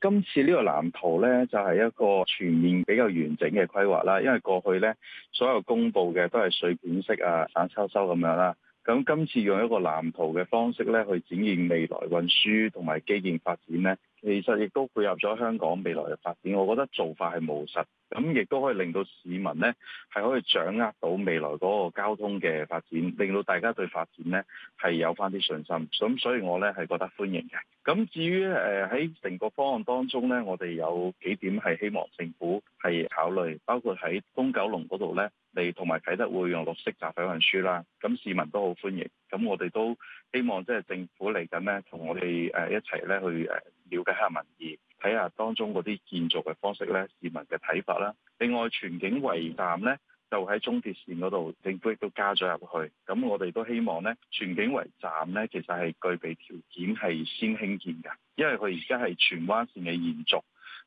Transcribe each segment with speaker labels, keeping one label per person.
Speaker 1: 今次呢個藍圖呢，就係、是、一個全面比較完整嘅規劃啦。因為過去呢，所有公布嘅都係碎片式啊、散修修咁樣啦。咁今次用一個藍圖嘅方式呢，去展現未來運輸同埋基建發展呢。其實亦都配合咗香港未來嘅發展，我覺得做法係務實，咁亦都可以令到市民呢係可以掌握到未來嗰個交通嘅發展，令到大家對發展呢係有翻啲信心。咁所，所以我呢係覺得歡迎嘅。咁至於誒喺成個方案當中呢，我哋有幾點係希望政府係考慮，包括喺東九龍嗰度呢，你同埋啟德會用綠色集體運輸啦。咁市民都好歡迎。咁我哋都希望即係政府嚟緊呢，同我哋誒、呃、一齊呢去誒。呃了解下民意，睇下當中嗰啲建造嘅方式呢，市民嘅睇法啦。另外荃景圍站呢，就喺中鐵線嗰度，政府亦都加咗入去。咁我哋都希望呢，荃景圍站呢，其實係具備條件係先興建嘅，因為佢而家係荃灣線嘅延續。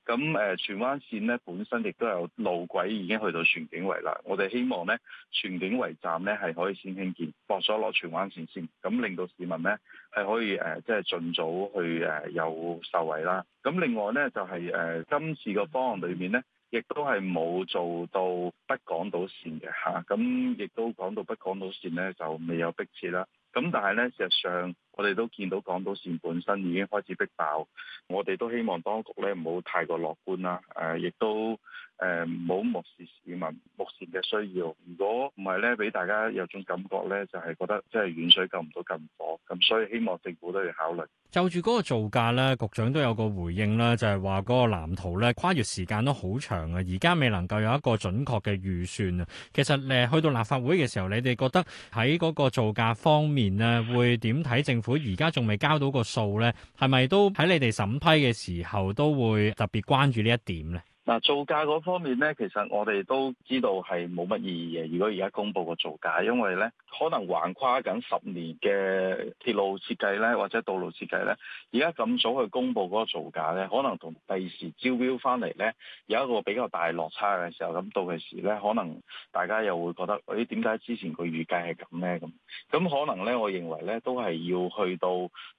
Speaker 1: 咁誒荃灣線咧本身亦都有路軌已經去到荃景圍啦，我哋希望咧荃景圍站咧係可以先興建，駁咗落荃灣線先，咁令到市民咧係可以誒、呃、即係盡早去誒、呃、有受惠啦。咁另外咧就係、是、誒、呃、今次個方案裏面咧，亦都係冇做到北港島線嘅嚇，咁亦都講到北港島線咧就未有逼切啦。咁但係咧事實上，我哋都見到港島線本身已經開始逼爆，我哋都希望當局咧唔好太過樂觀啦。誒、呃，亦都。誒，唔好漠視市民目前嘅需要。如果唔係呢，俾大家有種感覺呢，就係覺得即係遠水救唔到近火。咁所以希望政府都要考慮。
Speaker 2: 就住嗰個造價呢，局長都有個回應啦，就係話嗰個藍圖呢，跨越時間都好長啊。而家未能夠有一個準確嘅預算啊。其實誒，去到立法會嘅時候，你哋覺得喺嗰個造價方面呢，會點睇政府而家仲未交到個數呢？係咪都喺你哋審批嘅時候都會特別關注呢一點呢？
Speaker 1: 嗱，造價嗰方面咧，其實我哋都知道係冇乜意義嘅。如果而家公佈個造價，因為咧可能橫跨緊十年嘅鐵路設計咧，或者道路設計咧，而家咁早去公佈嗰個造價咧，可能同第時招標翻嚟咧有一個比較大落差嘅時候，咁到時咧可能大家又會覺得，咦點解之前佢預計係咁咧？咁咁可能咧，我認為咧都係要去到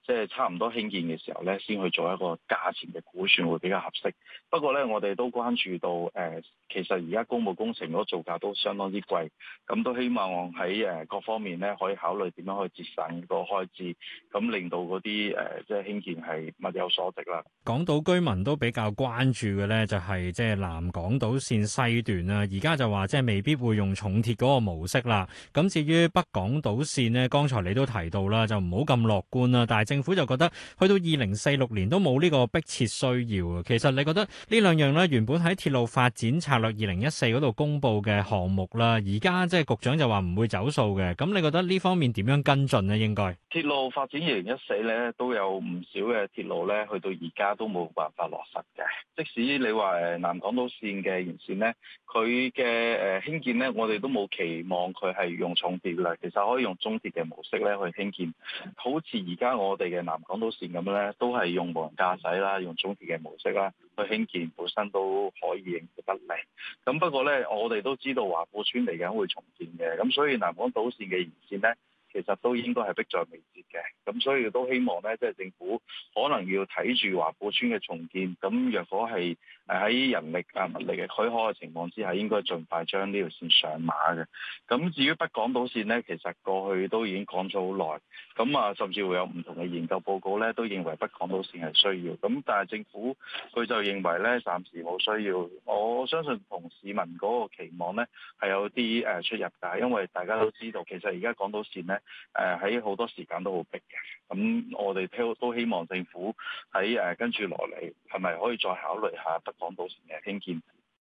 Speaker 1: 即係、即係、差唔多興建嘅時候咧，先去做一個價錢嘅估算會比較合適。不過咧，我哋都關注到誒，其實而家公務工程嗰個造價都相當之貴，咁都希望喺誒各方面咧，可以考慮點樣去節省個開支，咁令到嗰啲誒即係興建係物有所值啦。
Speaker 2: 港島居民都比較關注嘅咧，就係即係南港島線西段啊，而家就話即係未必會用重鐵嗰個模式啦。咁至於北港島線呢，剛才你都提到啦，就唔好咁樂觀啊。但係政府就覺得去到二零四六年都冇呢個迫切需要啊。其實你覺得呢兩樣咧，原本喺鐵路發展策略二零一四嗰度公布嘅項目啦，而家即係局長就話唔會走數嘅。咁你覺得呢方面點樣跟進啊應？應該
Speaker 1: 鐵路發展二零一四咧都有唔少嘅鐵路咧，去到而家都冇辦法落實嘅。即使你話誒南港島線嘅延線咧，佢嘅誒興建咧，我哋都冇期望佢係用重鐵啦，其實可以用中鐵嘅模式咧去興建。好似而家我哋嘅南港島線咁咧，都係用無人駕駛啦，用中鐵嘅模式啦。佢興建本身都可以應付得嚟。咁不過咧，我哋都知道華富村嚟緊會重建嘅，咁所以南港島線嘅延線咧，其實都應該係迫在眉睫。咁所以都希望咧，即係政府可能要睇住華富村嘅重建，咁若果係喺人力啊物力嘅許可嘅情況之下，應該盡快將呢條綫上馬嘅。咁至於北港島綫呢，其實過去都已經講咗好耐，咁啊甚至會有唔同嘅研究報告咧，都認為北港島綫係需要。咁但係政府佢就認為咧，暫時冇需要。我相信同市民嗰個期望咧係有啲誒出入，但係因為大家都知道，其實而家港島綫咧誒，喺好多時間都好逼嘅，咁、嗯、我哋都希望政府喺誒、啊、跟住落嚟，係咪可以再考慮下北港島綫嘅興建？